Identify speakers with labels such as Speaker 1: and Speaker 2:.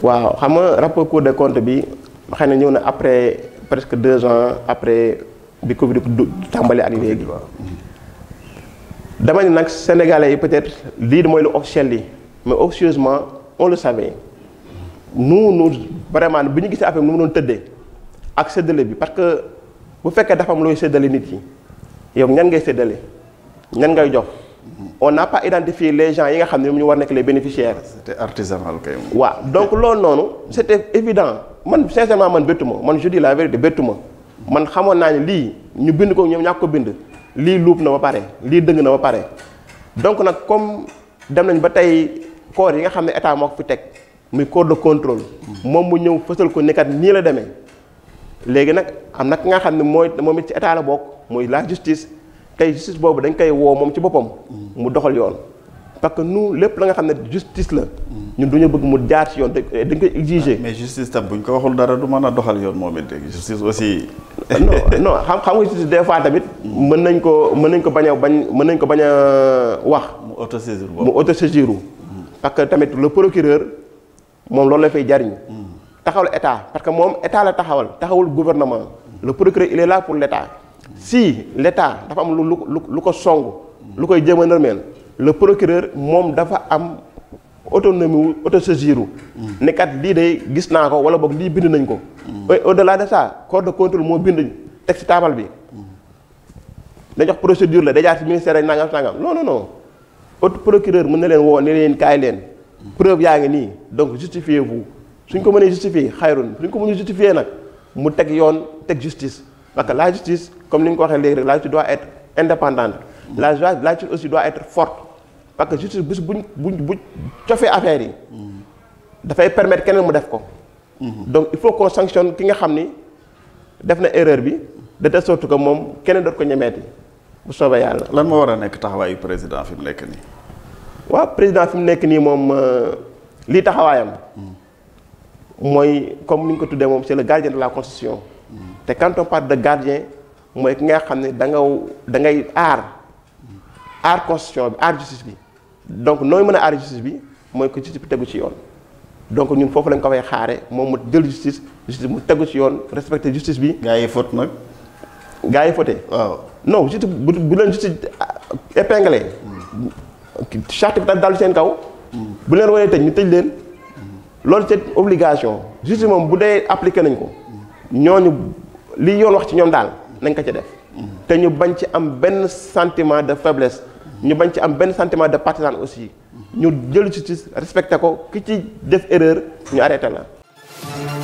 Speaker 1: waaw xam nga rapport Cour des comptes bi xëy na ñëw na après presque deux ans après bi Covid tàmbali ak léegi. Mm-hmm. dama ni nag sénégalais yi peut-être lii mooy lu officiel li mais officieusement on le savait nous nous vraiment bi ñu gisee affaire nu mu doon tëddee ak séddale bi parce que bu fekkee dafa looy séddale nit yi yow ñan ngay séddale ñan ngay jox. on n'a pas identifié les gens yi nga xam ne ñu war nekk les bénéficiaires. c'était artisanal kay. waaw donc loolu noonu te évident man sincèrement man bëttu ma man je dis la vérité bëttu ma man xamoon naa ne lii ñu bind ko ñoom ñàkk ko bind lii luub na ba pare lii dëng na ba pare donc nag comme dem nañ ba tey corps yi nga xam ne état moo ko fi teg muy corps de contrôle moom mu ñëw fësal ko nekkat nii la demee léegi nag am na nga xam ne mooy moom it ci état la mooy la justice. tey justice boobu dañ koy woo moom ci boppam mu doxal yoon parce que nous lépp la nga xam ne justice la ñun du ñu bëgg mu jaar ci yoon dañ koy exiger ah, mais justice tam bu ko waxul dara du mën a doxal yoon moom it justice aussi ah, non non xam xam nga justice des fois tamit mën nañ ko mën nañ ko bañ a bañ mën nañ ko bañ a wax mu autosaisir mu autosaisir parce que tamit le procureur moom loolu la fay jariñ mm. taxawal état parce que moom état la taxawal taxawul gouvernement le procureur il est là pour si leta dafa am lu lu lu ko song lu koy jéem a nërmeel le procureur moom dafa am autonomie wu autosaisir wu mm. ne kat lii day gis naa ko wala boog lii bind nañ ko mm. au delà de ça corps de contrôle moo bind teg ci taabal bi dañ mm. wax procédure la déjà ci ministère rek nangam sangam looloo non non autre procureur mën na leen woo ne leen kaay leen preuve yaa ngi nii donc justifiez vous suñ ko mënee justifier xayrun suñ ko mënee justifier nag mu teg yoon teg justice parce que la justice comme ni nga ko waxee léegi rek la justice doit être indépendante. la la justice aussi doit être fort parce que justice bu buñ bu buñ cofee affaire yi. dafay permettre keneen mu def ko. donc il faut qu'on sanctionne ki nga xam ni def na erreur bi de telle sorte que moom keneen doot ko ñemeeti bu soobee yàlla. lan moo war a nekk taxawaayu président fi mu nekk nii. waaw président fi mu nekk nii moom euh, lii taxawaayam. mooy comme ni ñu ko tuddee moom c'est le la constitution. te quand on parle de gardien mooy ki nga xam ne da nga da ngay aar aar constitution bi aar justice bi donc nooy mën a aar justice bi mooy ko justice bi tegu ci yoon donc ñun foofu lañ ko fay xaare moom mu jël justice justice mu tegu ci yoon respecter justice bi. gaa yi faute nag. gaa yi faute. waaw non justice bu bu leen justice épinglé. charte bi seen kaw. bu leen waree tëj ñu tëj leen. loolu c'est obligation justice moom bu dee appliqué nañ ko ñooñu. lii yoon wax ci ñoom daal nañ ko ci def te ñu bañ ci am benn santiment de faiblesse ñu bañ ci am benn santiment de partisan aussi ñu jël ci respecté ko ki ci def erreur ñu arrêté la